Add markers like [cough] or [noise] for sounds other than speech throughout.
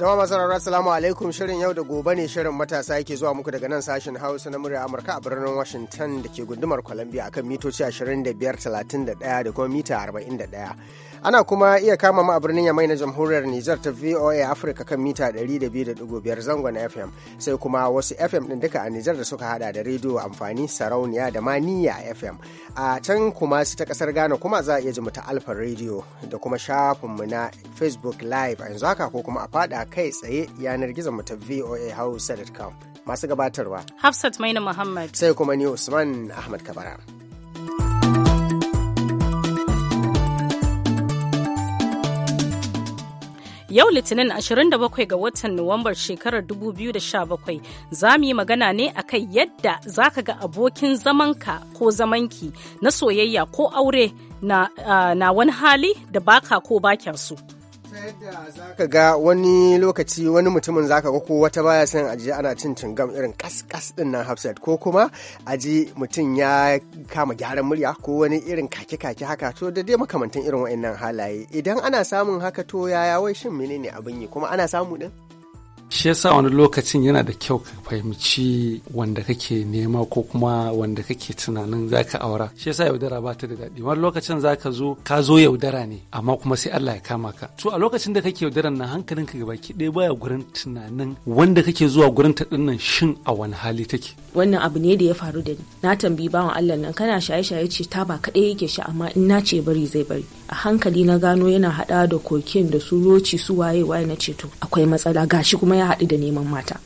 Jama'a masu rarra salamu alaikum shirin yau da gobe ne shirin matasa yake zuwa muku daga nan sashen Hausa na murya Amurka a birnin Washington da ke gundumar Columbia akan mitoci 25, 31 da kuma mita 41. Ana kuma iya kama mu a birnin Yamai na Jamhuriyar Nijar ta VOA Africa kan mita 200.5 zangon FM sai kuma wasu FM din duka a Nijar da suka hada da rediyo amfani sarauniya da maniya FM. A can kuma su ta kasar Ghana kuma za a iya ji mu ta Alfa Radio da kuma shafinmu na Facebook Live a yanzu haka ko kuma a fada kai tsaye yanar gizon mu ta VOA Hausa.com. Masu gabatarwa. Hafsat Maina Muhammad. Sai kuma ni Usman Ahmad Kabara. Yau Litinin 27 ga watan Nuwambar shekarar 2017 za mu yi magana ne a kai yadda za ka ga abokin zamanka ko zamanki na soyayya ko aure na, ah, wani hali da baka ko bakin su. ka ga wani lokaci wani mutumin zaka ga ko wata baya san aji ana cin gam irin kaskas din nan hafsat ko kuma aji mutum ya kama gyaran murya ko wani irin kake-kake haka to da dai makamantan irin wa'annan halaye idan ana samun haka to yaya wai shin menene abin yi kuma ana samu din shi yasa wani lokacin yana da kyau ka fahimci wanda kake nema ko kuma wanda kake tunanin ka aura shi yasa yaudara ba ta da daɗi wani lokacin zaka zo ka zo yaudara ne amma kuma sai Allah ya kama ka to a lokacin da kake yaudaran nan hankalinka gaba ki ɗaya baya gurin tunanin wanda kake zuwa gurin ta dinnan shin a wani hali take wannan abu ne da ya faru da ni na tambayi bawan Allah nan kana shaye-shaye ce ta ba kaɗai yake shi amma in na ce bari zai bari a hankali na gano yana haɗa da kokin da su roci su waye waye na ce akwai matsala gashi kuma ya haɗu da neman mata.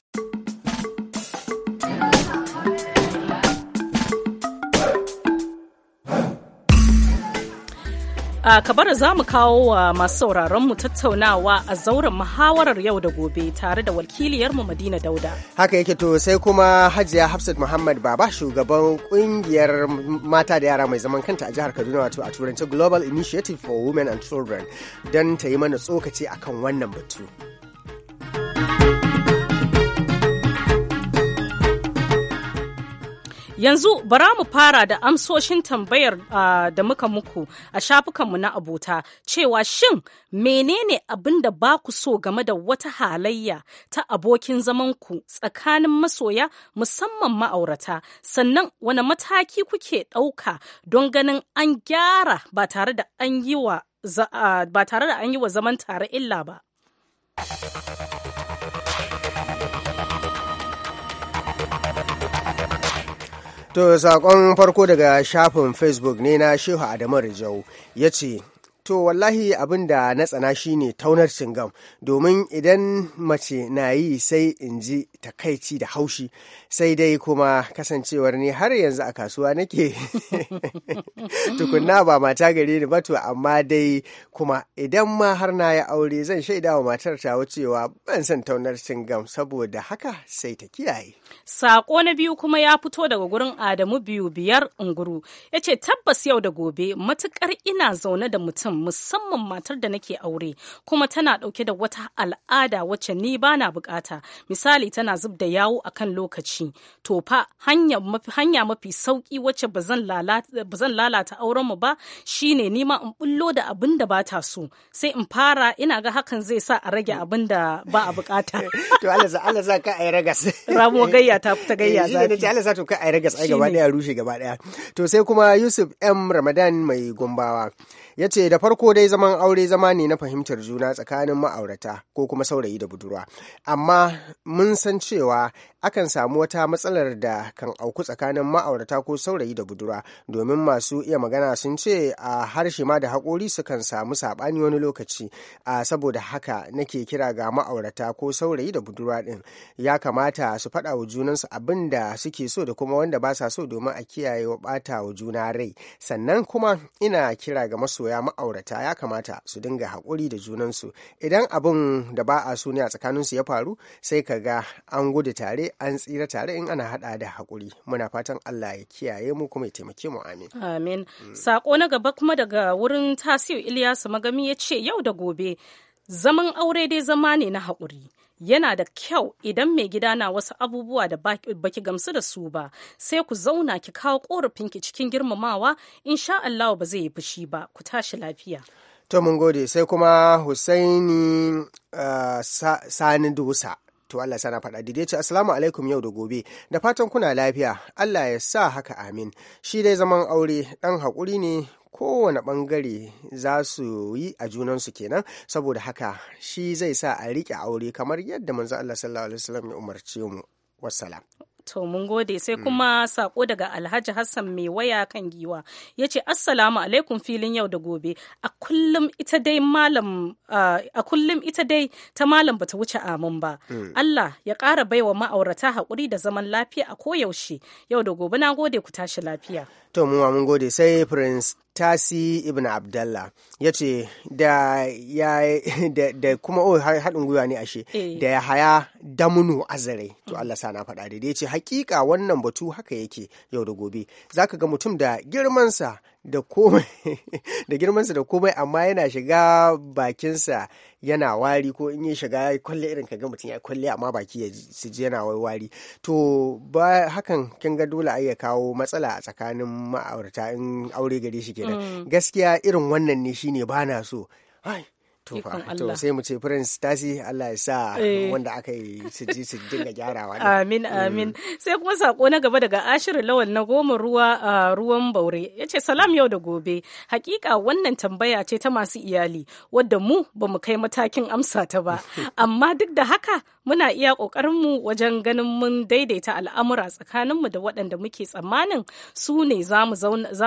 a kabara za mu kawo wa uh, masu sauraronmu tattaunawa a zauren muhawarar yau da gobe tare da wakiliyarmu Madina Dauda. Haka yake to sai kuma Hajiya Hafsat Muhammad Baba shugaban kungiyar mata da yara mai zaman kanta a jihar Kaduna wato a turanci Global Initiative for Women and Children don ta yi mana tsokaci akan wannan batu. Yanzu bara mu fara da amsoshin tambayar da muka muku a shafukanmu na abota cewa shin menene abin da ba ku so game da wata halayya ta abokin zamanku tsakanin masoya musamman ma'aurata sannan wani mataki kuke ɗauka don ganin an gyara ba tare da an yi wa zaman tare illa ba. To, saƙon farko daga shafin Facebook ne na Shehu Adamu Rijau ya ce, To wallahi abin da na tsana shine taunar cingam domin idan mace na yi sai in ji takaici da haushi sai dai kuma kasancewar ne har yanzu a kasuwa nake [laughs] tukunna ba mata gare ni ba amma dai kuma idan ma har na yi aure zan shaida wa matar ta cewa ban san taunar cingam saboda haka sai ta kiyaye. Sako na biyu kuma ya fito daga gurin Adamu biyu biyar unguru yace tabbas yau da gobe matukar ina zaune da mutum mutum musamman matar da nake aure kuma tana ɗauke da wata al'ada wacce ni ba na bukata misali tana zub da yawo akan lokaci to fa hanya mafi sauki wacce ba zan lalata auren mu ba shine ni ma in bullo da abin da ba ta so sai in fara ina ga hakan zai sa a rage abin da ba a bukata [laughs] to Allah za Allah za ka ai ragas ramu gayya ta fita gayya eh, za Allah za to ka ai ragas ai gaba daya rushe gaba daya to sai kuma Yusuf M Ramadan mai gombawa ya ce da farko dai zaman aure zama ne na fahimtar juna tsakanin ma'aurata ko kuma saurayi da budurwa amma mun san cewa akan samu wata matsalar da kan auku tsakanin ma'aurata ko saurayi da budura, domin masu iya magana sun ce a harshe ma da haƙori sukan samu saɓani wani lokaci a saboda haka nake kira ga ma'aurata ko saurayi da budura ɗin ya kamata su faɗa wa junansu abin da suke so da kuma wanda ba sa so domin a kiyaye wa ɓata wa juna rai sannan kuma ina kira ga masoya ma'aurata ya kamata su dinga haƙuri da junansu idan abin da ba a so ne a tsakaninsu ya faru sai ka ga an gudu tare an tsira tare in ana hada da hakuri muna fatan allah ya kiyaye mu kuma ya taimake mu amin amin mm. sako na gaba kuma daga wurin tasiu ilyasu magami ya ce yau da gobe zaman aure dai zama ne na hakuri yana da kyau idan mai gida na wasu abubuwa da baki gamsu da su ba sai ku zauna ki kawo ki cikin girmamawa sha Allah ba zai yi fushi ba ku tashi lafiya to mun gode sai kuma hussaini uh, ah, Sani Dosa to Allah sana faɗa daidai ce assalamu alaikum yau da gobe da fatan kuna lafiya Allah ya sa haka amin shi dai zaman aure ɗan haƙuri ne kowane ɓangare za su yi a junansu kenan saboda haka shi zai sa a riƙe aure kamar yadda manzo Allah sallallahu alaihi wasallam ya umarce mu wassalam To mun gode sai mm. kuma sako daga Alhaji Hassan mai waya kan giwa ya ce Assalamu alaikum filin yau da gobe a kullum ita dai malam a ta malam bata wuce amin ba. Mm. Allah ya ƙara baiwa ma'aurata haƙuri da zaman lafiya a koyaushe yau da gobe na gode ku tashi lafiya. To mun gode sai Prince tasi ibn abdallah ya ce da, da, da kuma oh, haɗin gwiwa ne ashe eh. da ya haya damunu azare to Allah sa na faɗa da ya ce hakika wannan batu haka yake yau da gobe zaka ga mutum da girmansa da komai [laughs] da girmansa da komai amma yana shiga bakinsa yana wari ko in ya shiga kwalle irin kaga mutum ya kwalle amma baki ya ji yana wari to ba hakan kin ga dole ai ya kawo matsala a tsakanin ma'aurata in aure gare shi kenan mm. gaskiya irin wannan ne shine bana so ai tufa to sai mu ce prince tasi Allah ya sa eh. wanda aka yi su ji su dinga gyarawa amin mm. amin sai kuma saƙo na gaba daga ashir lawal na goma ruwa a ruwan baure yace salam yau da gobe hakika wannan tambaya ce ta masu iyali wadda mu ba mu kai matakin amsa ta ba [laughs] amma duk da haka muna iya ƙoƙarinmu wajen ganin mun daidaita al'amura tsakaninmu da waɗanda muke tsammanin su ne za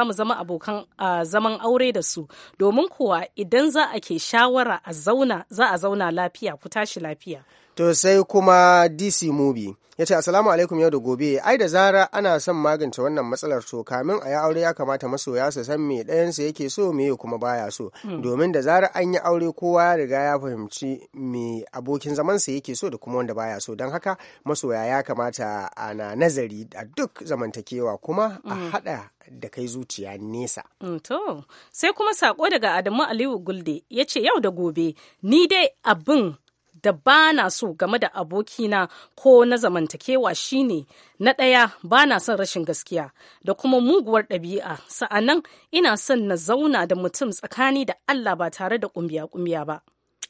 mu zama abokan zaman aure da su domin kuwa idan za a ke shawara a zauna za a zauna lafiya ku tashi lafiya. to sai kuma dc movie ya ce asalamu alaikum yau da gobe ai da zara ana son magance wannan matsalar to kamin a ya aure ya kamata masoya su san me ɗayansa yake so me kuma baya so hmm. domin da zara an yi aure kowa ya riga ya fahimci me abokin zamansa yake so da kuma wanda baya so don haka masoya ya kamata ana nazari a duk zamantakewa kuma a hmm. haɗa da kai zuciya nesa. Hmm, to, sai kuma sako daga Adamu Aliyu Gulde ya ce yau da gobe, ni dai abin da ba na so game da abokina ko na zamantakewa shine na ɗaya ba na son rashin gaskiya da kuma muguwar ɗabi'a sa'annan ina son na zauna da mutum tsakani da Allah ba tare da ƙumbiya-ƙumbiya ba.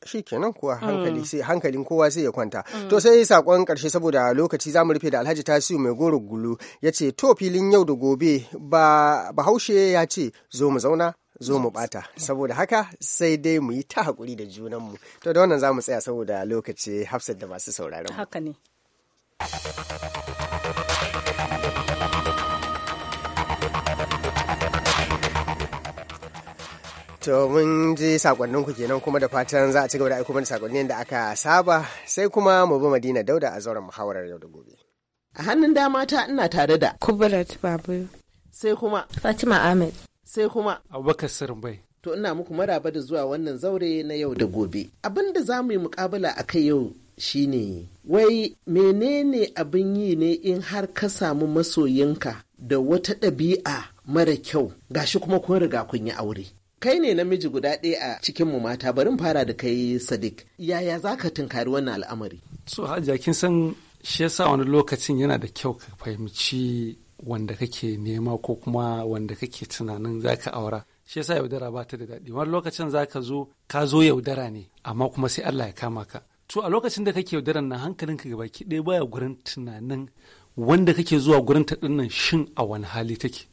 shi kenan kuwa hankali mm. sai hankalin kowa sai ya kwanta mm. to sai sakon karshe saboda lokaci zamu rufe da Alhaji Tasiu mai goro gulu yace to filin yau da gobe ba Bahaushe ya ce zo mu zauna zo mu bata saboda haka sai dai mu yi ta hakuri da junan mu to da wannan zamu tsaya saboda lokaci hafsat da masu sauraron haka ne To mun ji ku kenan kuma da fatan za a ci gaba da aiko mana sakonnin da aka saba sai kuma mu bi Madina Dauda a zauren muhawarar yau da gobe. A hannun dama ta ina tare da Kubrat Babu. Sai kuma Fatima Ahmed. Sai kuma Abubakar Sirbai. To ina muku maraba da zuwa wannan zaure na yau da gobe. Abin da za mu yi mukabala a kai yau shine wai menene abin yi ne in har ka samu masoyinka da wata ɗabi'a mara kyau gashi kuma kun riga kun yi aure. kai ne namiji guda ɗaya a cikin mu mata barin fara da kai sadiq yaya za ka tunkari wannan al'amari so hajiya kin san shi yasa wani lokacin yana da kyau ka fahimci wanda kake nema ko kuma wanda kake tunanin za ka aura shi yasa yaudara ba ta da daɗi wani lokacin za ka zo ka zo yaudara ne amma kuma sai Allah ya kama ka to a lokacin da kake yaudaran nan hankalinka gabaki ɗaya baya gurin tunanin wanda kake zuwa gurin ta ɗinnan shin a wani hali take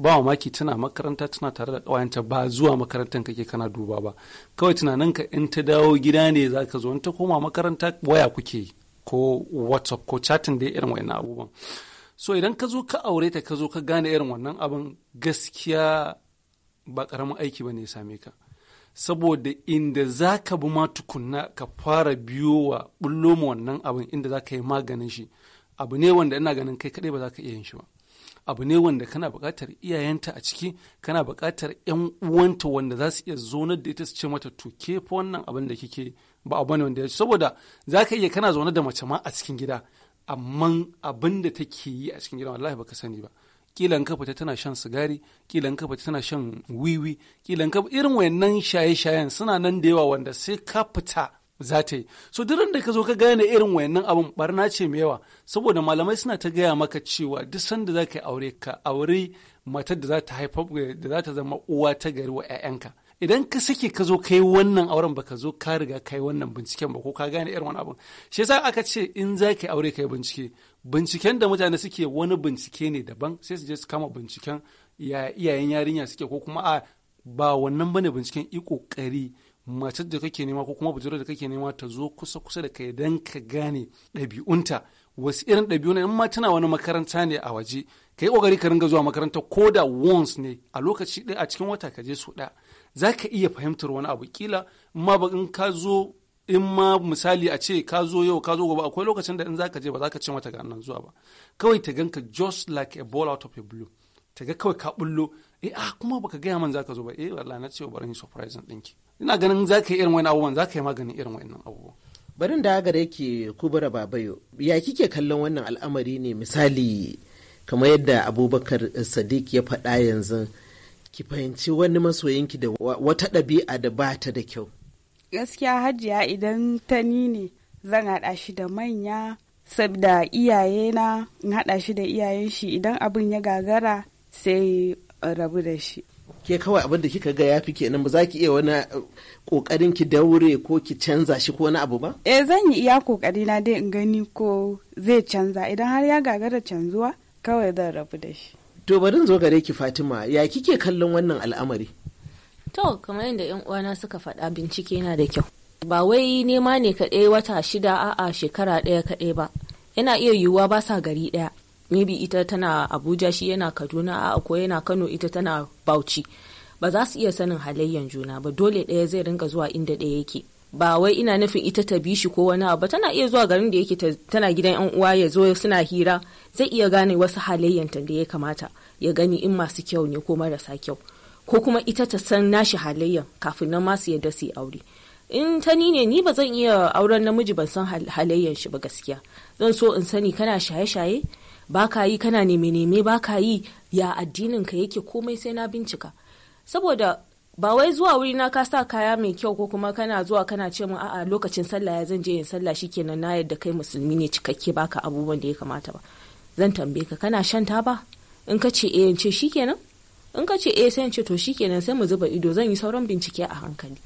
ba mamaki tana makaranta tana tare da ƙawayenta ba zuwa makarantar kake kana duba ba kawai tunanin ka in ta dawo gida ne za ka zo in ta koma makaranta waya kuke ko whatsapp ko chatting da irin wani abubuwan so idan ka zo ka aure ta ka zo ka gane irin wannan abin gaskiya ba ƙaramin aiki ba ne ya same ka saboda inda za ka bi ma tukunna ka fara biyo wa bullo wannan abin inda za ka yi maganin shi abu ne wanda ina ganin kai kaɗai ba za ka iya yin shi ba abu ne wanda kana buƙatar iyayenta a ciki kana buƙatar 'yan uwanta wanda za su iya zaune da ita su ce mata to ke fa wannan abin da kike ba abu ne wanda ya saboda za ka iya kana zaune da mace ma a cikin gida amma abin da take yi a cikin gida wallahi baka sani ba kila in ka tana shan sigari kila in ka tana shan wiwi kila in irin wayannan shaye-shayen suna nan da yawa wanda sai ka fita za ta yi so duk da ka zo ka gane irin wayannan abin barna ce mai yawa saboda malamai suna ta gaya maka cewa duk sanda za ka yi aure ka aure matar da za ta haifa da za ta zama uwa ta gari wa 'ya'yanka idan ka sake ka zo ka yi wannan auren baka zo ka riga ka yi wannan binciken ba ko ka gane irin wani abin shi yasa aka ce in za ka yi aure ka yi bincike binciken da mutane suke wani bincike ne daban sai su je su kama binciken ya iyayen yarinya suke ko kuma a ba wannan bane binciken i kokari mace da kake nema ko kuma bujurar da kake nema ta zo kusa kusa da kai dan ka gane ɗabi'unta wasu irin ɗabi'u ne in ma tana wani makaranta ne a waje ka yi ƙoƙari ka ringa zuwa makaranta ko da once ne a lokaci ɗaya a cikin wata ka je su ɗaya za ka iya fahimtar wani abu kila in ma in ka zo in ma misali a ce ka zo yau ka zo gobe akwai lokacin da in za ka je ba za ka ce mata ga nan zuwa ba kawai ta ganka just like a ball out of a blue ta ga kawai ka bullo eh ah kuma baka gaya man zaka zo ba eh wallahi na ce bari surprise surprise ki ina ganin zaka yi irin wani abubuwan zaka yi maganin irin wannan abubuwan barin da gare ki kubura babayo ya kike kallon wannan al'amari ne misali kamar yadda abubakar sadiq ya faɗa yanzu ki fahimci wani masoyinki da wata ɗabi'a da ba ta da kyau gaskiya hajiya idan ta ni ne zan haɗa shi da manya saboda iyaye na in haɗa shi da iyayen shi idan abin ya gagara sai rabu da shi ke kawai abin da kika ga ya yafi kenan ba za ki iya wani kokarin uh, ki daure ko ki canza shi ko wani abu ba eh zan yi iya kokari na dai in gani ko zai canza idan har ya gagara canzuwa kawai zan rabu da shi to bari zo gare ki Fatima ya kike kallon wannan al'amari to kamar yadda yan uwana suka faɗa bincike na da kyau ba wai nema ne kaɗai wata shida a'a shekara ɗaya kaɗai ba yana iya yiwuwa ba sa gari ɗaya maybe ita tana abuja shi yana kaduna a ko yana kano ita tana bauchi ba za su iya sanin halayyan juna ba dole ɗaya zai rinka zuwa inda ɗaya yake ba wai ina nufin ita ta bi shi ko wani ba tana iya zuwa garin da yake tana gidan yan uwa ya zo suna hira zai iya gane wasu halayyanta da ya kamata ya gani in masu kyau ne ko marasa kyau ko kuma ita ta san nashi halayyan kafin nan masu yadda su yi aure in ta ni ne ni ba zan iya auren namiji ban san halayyan shi ba gaskiya zan so in sani kana shaye-shaye ba ka yi kana neme neme ba ka yi ya addinin ka yake komai sai na bincika saboda ba wai zuwa wuri na ka sa kaya mai kyau ko kuma kana zuwa kana ce mu a'a lokacin sallah ya zan je yin sallah shikenan na yadda kai musulmi ne cikakke baka abubuwan da ya kamata ba zan tambaye ka kana shan ba in ka ce eh ce shikenan in ka ce eh sai ce to shikenan sai mu zuba ido zan yi sauran bincike a hankali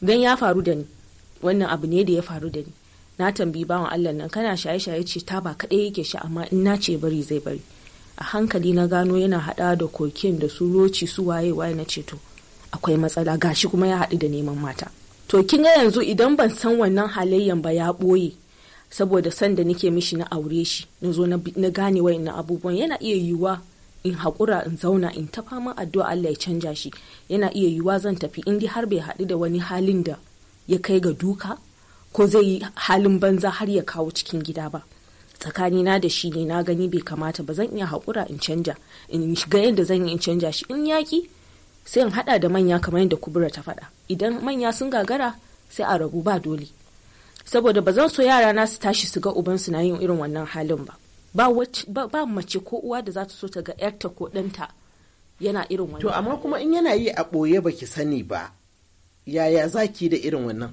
dan ya faru da ni wannan abu ne da ya faru da ni na tambayi bawan Allah nan kana shaye-shaye ce ta ba kaɗai yake sha amma in na ce bari zai bari a hankali na gano yana hada da kokin da su roci su waye waye na ceto akwai matsala gashi kuma ya haɗu da neman mata to kin ga yanzu idan ban san wannan halayyan ba ya boye saboda san da nake mishi na aure shi na zo na gane wayannan abubuwan yana iya yiwuwa in haƙura in zauna in ta fama addu'a Allah ya canja shi yana iya yiwuwa zan tafi in har bai haɗu da wani halin da ya kai ga duka ko zai yi halin banza har ya kawo cikin gida ba tsakanina da shi ne na gani bai kamata ba zan iya haƙura in canja in shiga yadda zan yi in canja shi in yaƙi sai in haɗa da manya kamar yadda kubura ta faɗa idan manya sun gagara sai a rabu ba dole saboda ba zan so yara na su tashi su ga ubansu na yin irin wannan halin ba ba mace ko uwa da za ta so ta ga yarta ko ɗanta yana irin wannan to amma kuma in yana yi a ɓoye baki sani ba yaya zaki da irin wannan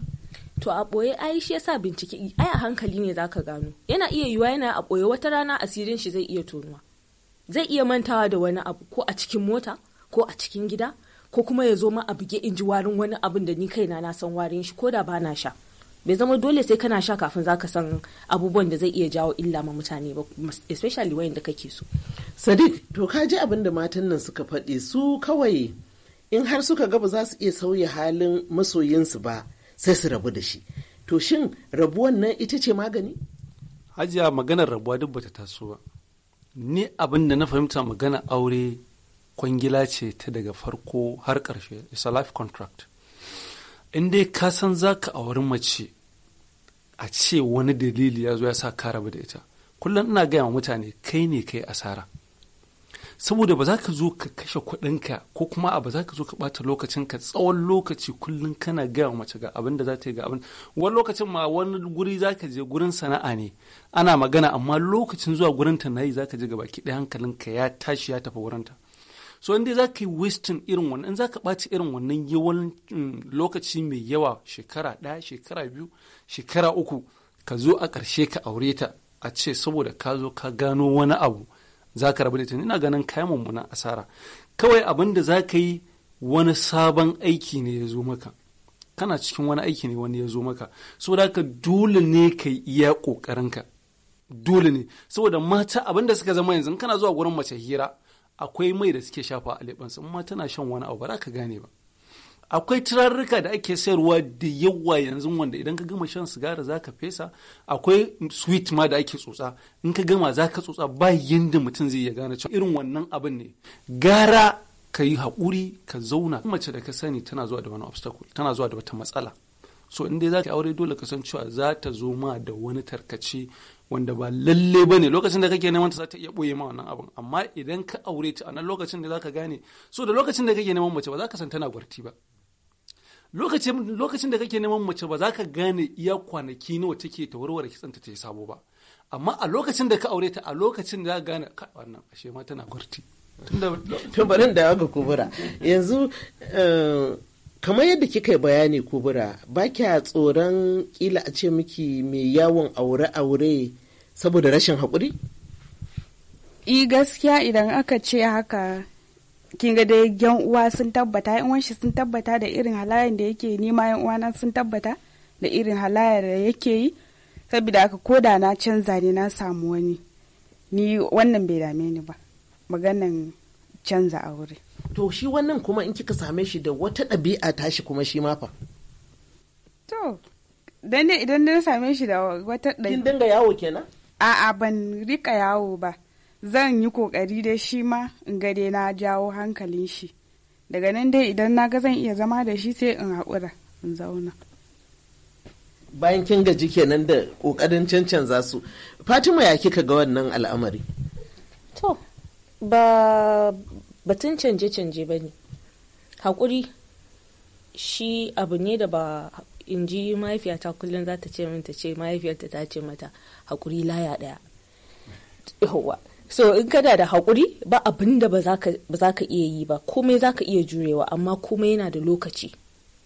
to a ɓoye ai shi yasa bincike ai a hankali ne zaka gano yana iya yiwa yana a ɓoye wata rana asirin shi zai iya tonuwa zai iya mantawa da wani abu ko a cikin mota ko a cikin gida ko kuma ya zo ma a buge in ji warin wani abin da ni kaina na san warin shi ko da ba na sha bai zama dole sai kana sha kafin zaka san abubuwan da zai iya jawo illa ma mutane ba especially wayan da kake so sadiq to ka ji abin da matan nan suka faɗi su kawai in har suka ga ba za su iya sauya halin masoyinsu ba sai su rabu da shi to shin rabuwan nan ita ce magani hajiya maganar rabuwa duk bata taso ba ni abin da na fahimta magana aure kwangila ce ta daga farko har ƙarshe it's a life contract in dai ka san za ka auri mace a ce wani dalili ya zo ya sa ka rabu da ita kullum ina gaya wa mutane kai ne kai asara saboda ba za ka zo ka kashe kuɗinka ko kuma a ba za ka zo ka ɓata lokacinka tsawon lokaci kullum kana gaya mace ga abin da za ta yi ga abin wani lokacin ma wani guri za ka je gurin sana'a ne ana magana amma lokacin zuwa gurin ta na yi za ka je gaba ki ɗaya hankalinka ya tashi ya tafi wurinta. ta so in za ka yi wistin irin wannan in za ka ɓaci irin wannan yawan lokaci mai yawa shekara ɗaya shekara biyu shekara uku ka zo a ƙarshe ka aure ta a ce saboda ka zo ka gano wani abu za ka rabu da ina ganin kayan mummunan asara kawai abin da za ka yi wani sabon aiki ne ya zo maka kana cikin wani aiki ne wani ya zo maka saboda ka dole ne ka iya ƙoƙarinka dole ne saboda mata abin da suka zama yanzu kana zuwa gurin mace hira akwai mai da suke shafa a leɓansu amma ma tana shan wani abu ba za ka gane ba akwai turarruka da ake sayarwa da yawa yanzu wanda idan ka gama shan sigara za ka fesa akwai sweet ma da ake tsotsa in ka gama za ka tsotsa ba yadda mutum zai iya gane cewa irin wannan abin ne gara ka yi haƙuri ka zauna mace da ka sani tana zuwa da wani obstacle tana zuwa da wata matsala so in dai za ka aure dole ka san cewa za ta zo ma da wani tarkace wanda ba lalle ba ne lokacin da kake neman ta za ta iya ɓoye ma wannan abin amma idan ka aure ta a nan lokacin da za ka gane so da lokacin da kake neman mace ba za ka san tana gwarti ba lokacin lokacin da kake neman mace ba za ka gane iya kwanaki nawa take ta warware kitsanta ta yi sabo ba amma a lokacin da ka aure ta a lokacin da ka gane ka wannan ashe ma tana gwarti to barin da ga kubura yanzu eh, kamar yadda kika bayani kubura ba kya tsoron kila a ce miki mai yawon aure-aure saboda rashin haƙuri? i eh, gaskiya idan aka ce haka kin ga dai yan uwa sun tabbata yan uwan shi sun tabbata da irin halayen da yake ni ma yan uwana sun tabbata da irin halayen da yake yi saboda aka koda na canza ne na samu wani ni wannan bai dame ni ba maganan canza a wuri to shi wannan kuma in kika same shi da wata ɗabi'a tashi kuma shi ma fa to dan idan na same shi da wata ɗabi'a kin dinga yawo kenan a'a ban rika yawo ba zan yi kokari dai shi ma in ga dai na jawo hankalin shi daga nan dai idan na ga zan iya zama da shi sai in haƙura in zauna bayan kin gaji kenan da kokarin za su fatima ya kika ga wannan al'amari to ba batun canje-canje ba ne haƙuri shi abu ne da ba in ji mahaifiyata kullum za ta ce min ta ce mahaifiyarta ta ce mata haƙuri laya ɗaya so in kana da haƙuri ba abin da ba za ka iya yi ba komai za ka iya jurewa amma komai yana da lokaci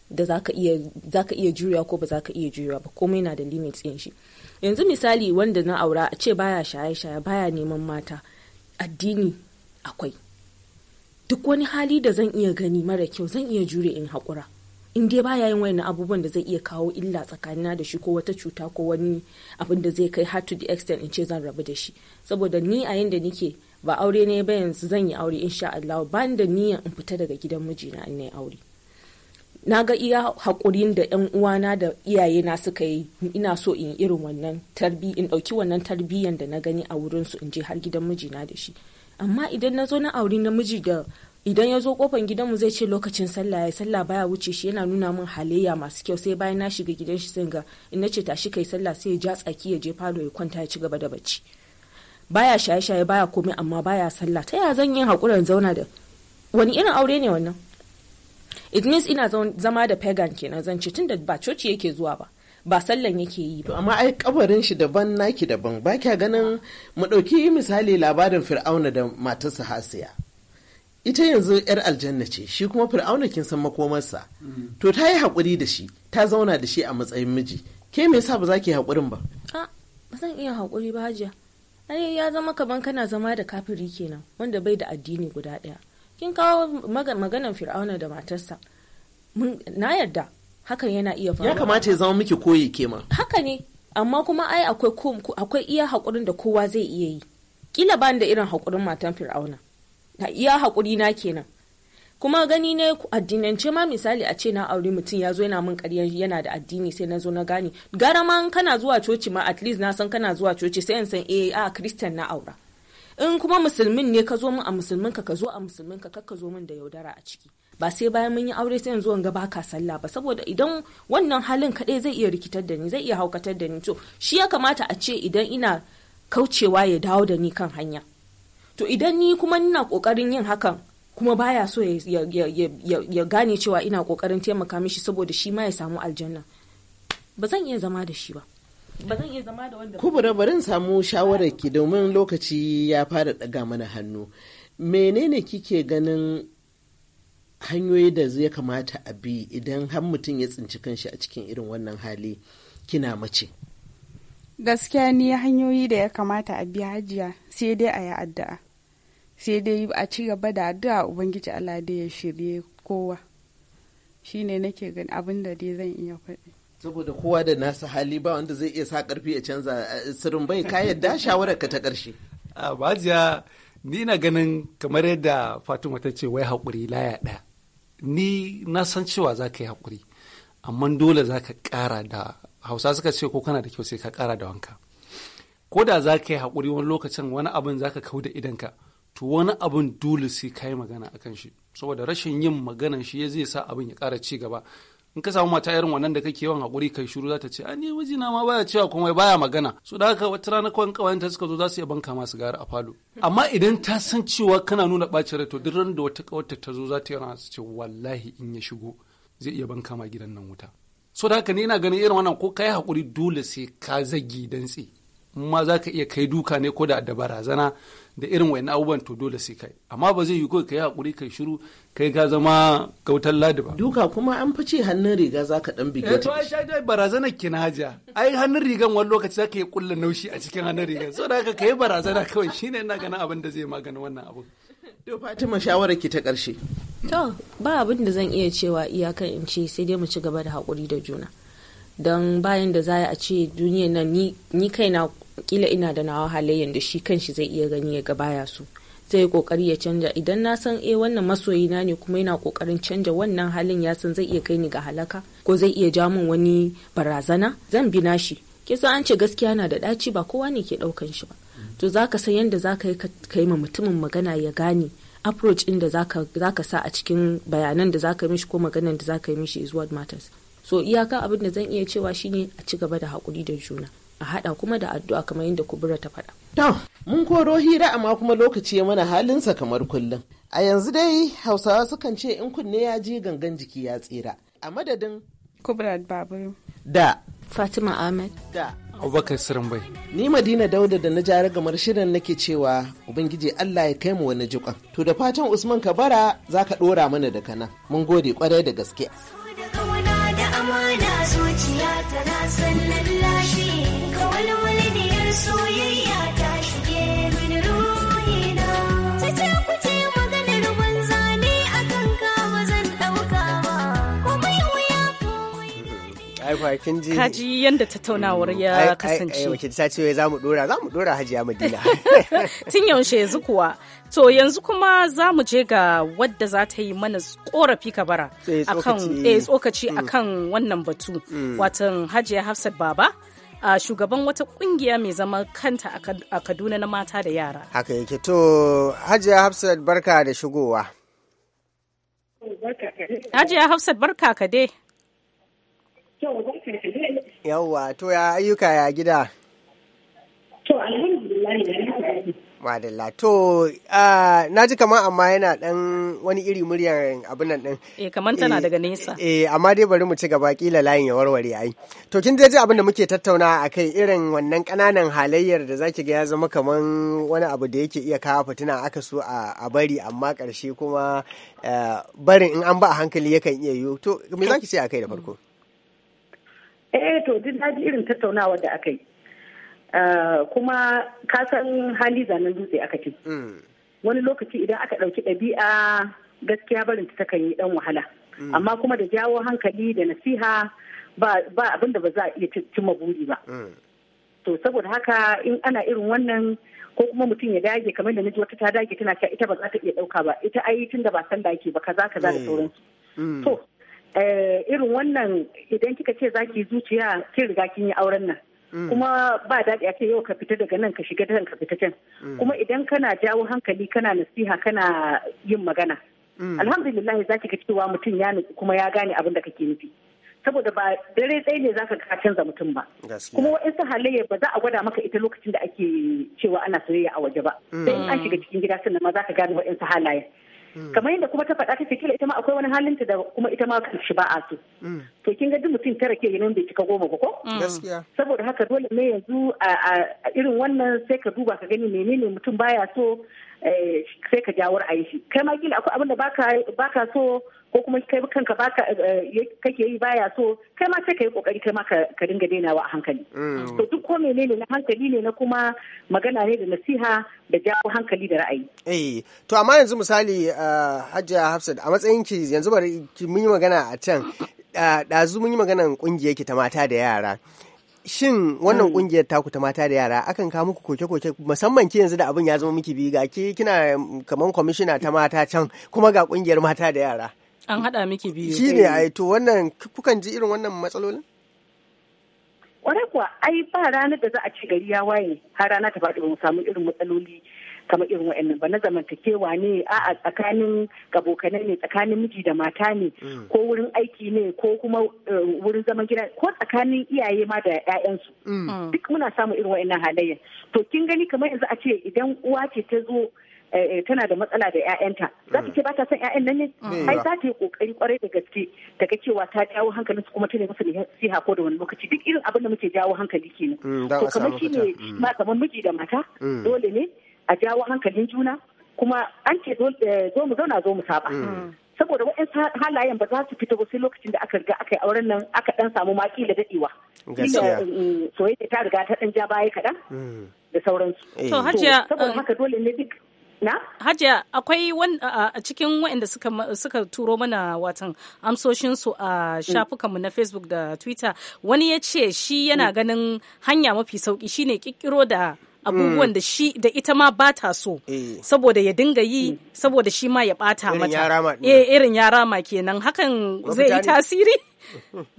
da za ka iya jurewa ko ba za ka iya jurewa ba komai yana da limits in shi yanzu misali wanda na aura a ce baya shaye-shaye baya neman mata addini akwai duk wani hali da zan iya gani mara kyau zan iya jure in haƙura in dai baya yin wayannan abubuwan da zai iya kawo illa tsakanina da shi ko wata cuta ko wani abin da zai kai har to the extent in ce zan rabu da shi saboda ni a yanda nike ba aure ne ba yanzu zan yi aure insha Allah ba da niyan in fita daga gidan mijina in yi aure na ga iya haƙurin da yan uwana da iyaye na suka yi ina so in irin wannan tarbi in ɗauki wannan tarbiyyan da na gani a wurin su in je har gidan mijina da shi amma idan na zo na aure namiji da idan ya zo kofan mu zai ce lokacin sallah ya sallah baya wuce shi yana nuna min halayya masu kyau sai bayan na shiga gidan shi sai ga in na ce tashi kai sallah sai ya ja tsaki ya je falo ya kwanta ya ci gaba da bacci baya shaye shaye baya komai amma baya sallah ta ya zan yi hakurin zauna da wani irin aure ne wannan it means ina zama da pagan kenan zan ce tunda ba coci yake zuwa ba ba sallan yake yi ba. Amma ai kabarin shi daban naki daban ba kya ganin mu dauki misali labarin Fir'auna da matarsa Hasiya. ita yanzu yar aljanna ce shi kuma fir'auna kin san makomarsa to ta yi haƙuri da shi ta zauna da shi a matsayin miji ke me yasa ba za ki haƙurin ba a ba zan iya haƙuri ba hajiya ai ya zama kaman kana zama da kafiri kenan wanda bai da addini guda ɗaya kin kawo maganan fir'auna da matarsa na yarda hakan yana iya faruwa ya kamata ya zama miki koyi kema haka ne amma kuma ai akwai akwai iya haƙurin da kowa zai iya yi kila bani da irin haƙurin matan fir'auna iya haƙuri na kenan kuma gani ne addinance ma misali a ce na aure mutum ya zo yana min ƙarya yana da addini sai na zo na gane gara ma kana zuwa coci ma at least na san kana zuwa coci sai in san eh a ah, christian na aura in kuma musulmin ne ka zo min a musulmin ka ka zo a musulmin ka ka zo min da yaudara a ciki ba sai bayan mun yi aure sai zuwan ga baka sallah ba saboda idan wannan halin kaɗai zai iya rikitar da ni zai iya haukatar da ni to shi ya kamata a ce idan ina kaucewa ya dawo da ni kan hanya to idan ni kuma nina kokarin yin hakan kuma baya so ya, gane cewa ina kokarin taimaka mishi saboda shi ma ya samu aljanna ba zan iya zama da shi ba ba zan iya zama barin samu shawarar ki domin lokaci ya fara daga mana hannu menene kike ganin hanyoyi da zai kamata a bi idan har mutum ya tsinci kanshi a cikin irin wannan hali kina mace gaskiya ni hanyoyi da ya kamata a bi hajiya sai dai a yi addu'a sai dai a ci gaba da addu'a ubangiji Allah dai ya shirye kowa shine nake gani abin da dai zan iya faɗi saboda kowa da nasa hali ba wanda zai iya sa karfi ya canza eh, sirrin bai ka yadda shawarar ka ta karshe a bajiya ni na ganin kamar yadda fatima ta ce wai haƙuri laya ɗaya ni na san cewa za ka yi haƙuri amma dole za ka ƙara da hausa suka ce ko kana da kyau sai ka ƙara da wanka ko da za ka yi haƙuri wani lokacin wani abin za ka kau da idanka to wani abun dole sai ka yi magana a kan shi saboda rashin yin magana shi ya zai sa abin ya ƙara ci gaba in ka samu mata irin wannan da kake yawan haƙuri kai shiru za ta ce a ni na ma baya cewa komai baya magana so da haka wata rana kawai kawai ta suka zo za su iya banka masu gara a falo amma idan ta san cewa kana nuna bacin rai to duk ran da wata kawarta ta zo za ta yana su ce wallahi in ya shigo zai iya banka ma gidan nan wuta so da haka ni ina ganin irin wannan ko ka yi haƙuri dole sai ka zagi dantse ma za ka iya kai duka ne ko da da barazana da irin wani abubuwan to dole sai kai amma ba zai yi kai ka yi hakuri kai shiru kai ga zama kautar ladi ba duka kuma an fice hannun riga za ka dan bige eh, ta ai dai barazana kina haja ai hannun rigan wani lokaci za ka yi kullun naushi a cikin hannun rigan saboda haka ka yi barazana kawai shine ina ganin abin da zai magana wannan abu to Fatima shawara ki ta karshe to ba abin da zan iya cewa iyakan in ce sai dai mu ci gaba da hakuri da juna don bayan da za a ce duniya nan ni kaina kila ina da nawa halayen da shi kanshi zai iya gani ya ga baya su zai kokari ya canja idan na san eh wannan masoyina ne kuma yana kokarin canja wannan halin ya san zai iya kai ni ga halaka ko zai iya ja min wani barazana zan bi nashi kisa an ce gaskiya na da daci ba kowa ne ke daukan shi ba to zaka san yadda zaka yi ka kai ma mutumin magana ya gane approach din da zaka zaka sa a cikin bayanan da zaka mishi ko maganan da zaka yi mishi is what matters so iyaka abin da zan iya cewa shine a ci gaba da hakuri da juna a haɗa kuma da addu'a kamar yadda kubura ta faɗa. To, mun koro hira amma kuma lokaci ya mana halinsa kamar kullum. A yanzu dai Hausawa sukan ce in kunne ya ji gangan jiki ya tsira. A madadin Kubra Babur. Da. Fatima Ahmed. Da. Abubakar Sirambai. Ni Madina Dauda da na jara gamar shirin nake cewa Ubangiji Allah ya kai mu wani jikon. To da fatan Usman Kabara za ka ɗora mana da kana. Mun gode kwarai da gaske. da ai kin ji kaji yanda tattaunawar ya mm. kasance ai ta ce za mu dora za mu dora hajiya madina [laughs] tun yaushe yanzu kuwa to yanzu kuma za mu je ga wadda za ta yi mana korafi kabara eh, akan eh tsokaci mm. akan wannan batu mm. watan hajiya hafsat baba a shugaban wata kungiya mai zaman kanta a kaduna na mata da yara haka yake to hajiya hafsat barka da shigowa Hajiya Hafsat barka ka dai. Yawwa, to ya ayyuka ya gida? To, alhamdulillah Madalla, to, na ji kama amma yana dan wani iri muryar abin nan ɗin. Eh, kamar tana eh, daga nesa. Eh, amma dai bari mu ci gaba kila layin ya warware ai. To, kin je ji abin da muke tattauna a kai irin wannan kananan halayyar da zaki ga ya zama kamar wani abu da yake iya kawo fitina aka so a bari amma karshe kuma eh, barin in an ba a hankali yakan iya yi To, me za ki ce a kai da farko? eh to duk na ji irin tattaunawa da aka yi ah, kuma ka san hali zanen dutse aka ci mm. wani lokaci idan aka ɗauki ɗabi'a gaskiya barin ta kan yi ɗan wahala mm. amma kuma da jawo hankali da nasiha ba abin da ba za a iya cimma buri ba mm. to saboda haka in ana irin wannan ko kuma mutum ya dage kamar da naji wata ta dage tana cewa ita ba za ta iya ɗauka ba ita ai tun da ba san da ba kaza kaza da sauransu to Eh, irin wannan idan kika ce zaki zuciya kin riga kin yi auren nan mm. kuma ba daɗi a ce yau ka fita daga nan ka shiga can ka fita can mm. kuma idan kana jawo hankali kana nasiha kana yin magana mm. alhamdulillah zaki ki ga cewa mutum ya nufi kuma ya gane abin da kake nufi saboda ba dare tsaye ne zaka ka canza mutum ba kuma wa'insu halayya ba za a gwada maka ita lokacin da ake cewa ana soyayya a waje ba sai an shiga cikin gida sannan ma zaka gane wa'insu halayen. Mm. kamar yadda kuma ta faɗa ta fi kila ita ma akwai wani halin ta da kuma ita ma kan shi ba a so mm. to kin ga duk mutum tara ke yanin bai cika goma ba ko mm. saboda haka dole ne yanzu a irin wannan sai ka duba ka gani menene mutum baya so Eh, sai ka jawo ra'ayi kai ma gila akwai abin da baka so ko kuma kai kanka baka eh, kake yi baya so kai ma sai ka yi kokari kai ma ka dinga dainawa a hankali mm. to duk ko menene na hankali ne na kuma magana ne da nasiha da jawo hankali da ra'ayi eh to amma yanzu misali eh, Hajiya Hafsat a matsayin ki yanzu bari mun yi magana a can ɗazu mun yi maganan ƙungiyar ki ta mata da yara shin wannan kungiyar hmm. taku ta mata da yara akan kawo muku koke-koke musamman ki yanzu da abin ya zama miki biyu ga ki kina mm, kaman kwamishina ta mata can kuma ga kungiyar mata da yara an haɗa miki biyu shi ne eh. ai to wannan kukan ji irin wannan matsalolin kwarai kuwa ai ba ranar da za a ci gari ya waye har rana ta ba mu samu irin matsaloli kamar irin wa'annan ba na zamantakewa ne a tsakanin abokanai ne tsakanin miji da mata ne mm. ko wurin aiki ne ko kuma eh, wurin zaman gida ko tsakanin iyaye ma da 'ya'yansu mm. mm. duk muna samun irin wa'annan halayya to kin gani kamar yanzu a ce idan uwa ce ta zo eh, eh, tana da matsala da 'ya'yanta za ta ce ba ta san 'ya'yan nan ne ai za ta yi kokari kwarai da gaske ta ga cewa ta jawo hankalinsu kuma ta ne musu nasiha ko da wani lokaci duk irin abin da muke jawo hankali kenan to kamar shi ne ma kamar miji da mata dole ne a jawo hankalin juna kuma an ce zo eh, mu zauna zo mu saba mm. saboda waɗansu halayen ba za su fita ba sai lokacin da aka riga aka yi auren nan aka dan samu maki da dadewa mm, soyayya ta riga ta dan ja baya kaɗan mm. da sauransu eh. to hajiya eh, saboda haka dole ne duk na hajiya akwai a cikin waɗanda suka suka turo mana watan amsoshin su a shafukanmu na Facebook da Twitter wani ya ce shi yana ganin hanya mafi sauki shine kikkiro da abubuwan mm. da shi da ita ma ba ta so eh. saboda ya dinga yi mm. saboda shi ma ya bata mata eh irin ya rama kenan hakan zai yi tasiri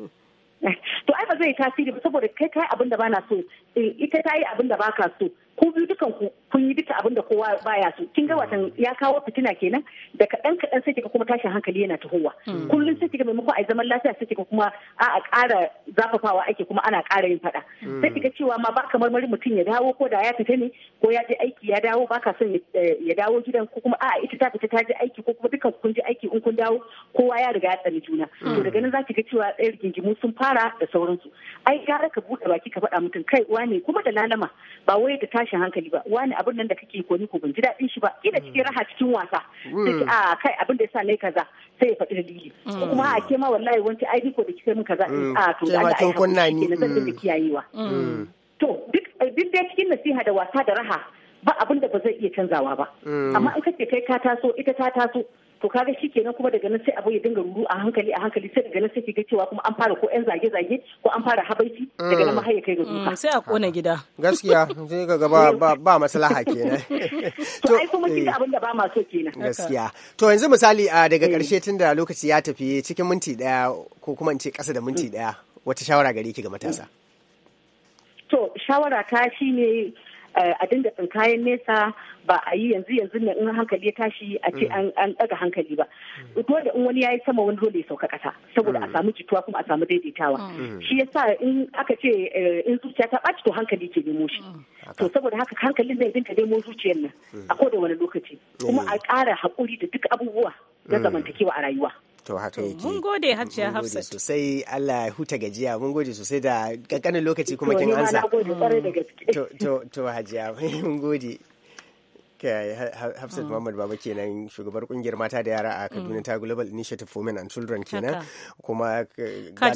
[laughs] to ai ba zai tasiri ba saboda kai kai abin da bana so eh, ita ta yi abin da baka so ku biyu dukan ku kun yi duka abin da kowa baya so kin ga watan ya kawo fitina kenan da kaɗan kaɗan sai kika kuma tashin hankali yana tahowa mm. kullum sai kika maimakon a zaman lafiya sai kika kuma a a ƙara zafafawa ake kuma ana ƙara yin faɗa mm. sai kika cewa ma ba kamar mutum ya dawo ko da ya fita ne ko ya je aiki ya dawo baka son eh, ya dawo gidan ko kuma a'a ita ta fita ta je aiki ko kuma dukan kun je aiki in kun dawo kowa ya riga ya tsani juna mm. to daga nan za ki ga cewa ɗaya rigingimu sun fara da sauransu ai gara ka buɗe baki ka faɗa mutum kai uwa ne kuma da lalama ba wai da tashin hankali ba wani abin nan da kake koni ni ko ban ji daɗin shi ba ina cikin mm. raha cikin wasa mm. sai a kai abin da yasa nayi kaza sai ya faɗi dalili mm. ko kuma a ke ma wallahi wanci ai ko da kike min kaza a to da Allah kunna ni na zan kiyayewa to duk duk da cikin nasiha da wasa da raha ba abin da ba zai iya canzawa ba amma in kace kai ka taso ita ta taso to kaga shi kenan kuma daga nan sai abu ya dinga ruru a hankali a hankali sai daga nan sai ga cewa kuma an fara ko yan zage zage ko an fara habaici daga nan mahaya kai ga duka mm, sai a kona gida gaskiya sai ka gaba ba maslaha kenan [laughs] to ai kuma kiga eh. abin da ba ma so kenan gaskiya to yanzu misali daga karshe eh. tunda lokaci ya tafi cikin minti daya ko kuma in ce kasa da minti daya mm. wata shawara gare ki ga matasa to shawara ta shine Eh, a dinga kayan nesa ba a yi yanzu yanzu ne in hankali ya tashi a ce mm. an daga hankali ba mm. dole in wani ya yi sama wani dole ya sauka kasa saboda a mm. samu jituwa kuma a samu daidaitawa shi yasa in aka ce eh, in zuciya ta ɓaci to hankali ke nemo shi to saboda haka hankalin zai dinka nemo zuciyar nan a wani lokaci kuma a ƙara haƙuri da duk abubuwa na zamantakewa a rayuwa. to haka yake mun gode hafsat sosai Allah ya huta gajiya mun gode sosai da kankanin lokaci kuma kin ansa to to to hajjiya [laughs] mun gode haka Hafsat mm. Muhammad Baba kenan shugabar kungiyar mata da yara a mm. Kaduna ta Global Initiative for Women and Children kenan kuma eh, ta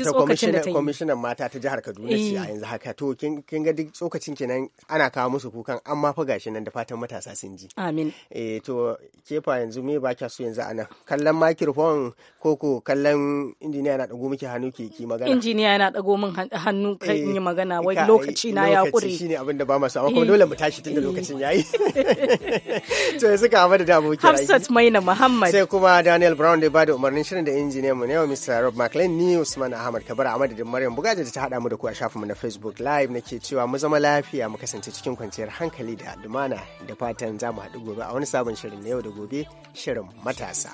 kwamishinan mata ta jihar Kaduna ce a eh. yanzu haka to kin ga duk tsokacin kenan ana kawo musu kukan an ma fa gashi nan da fatan matasa sun ji. Amin. Eh to kefa yanzu me ba kya so yanzu anan kallon microphone ko ko kallon injiniya na dago miki hannu ke ki magana. Injiniya na dago min hannu kai in eh, yi magana wai lokaci na ya kure. Lokaci shine abinda ba mu samu kuma dole mu tashi tunda lokacin yayi. [laughs] to yanzu ka da aboki Hafsat Maina Muhammad sai kuma Daniel Brown da bada umarnin shirin da injiniyan mu ne Mr. Rob McLean ni Usman Ahmad Kabara amadu da Maryam Bugaje da ta hada mu da ku a shafinmu na Facebook Live nake cewa mu zama lafiya mu kasance cikin kwanciyar hankali da lumana da fatan za mu haɗu gobe a wani sabon shirin na yau da gobe shirin matasa.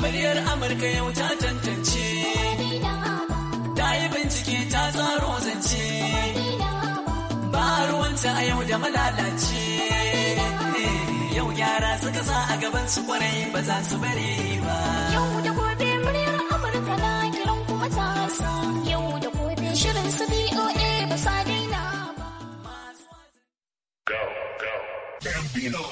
Muryar Amurka yau ta tantance, ta yi bincike ta tsaro zance. ba ruwanta a yau da malalace eh, yau gyara suka sa a gaban su kwarai ba za su bari ba yau da gobe muryar amurka na kiran kuma ta yau da gobe shirin su boa ba sa daina ba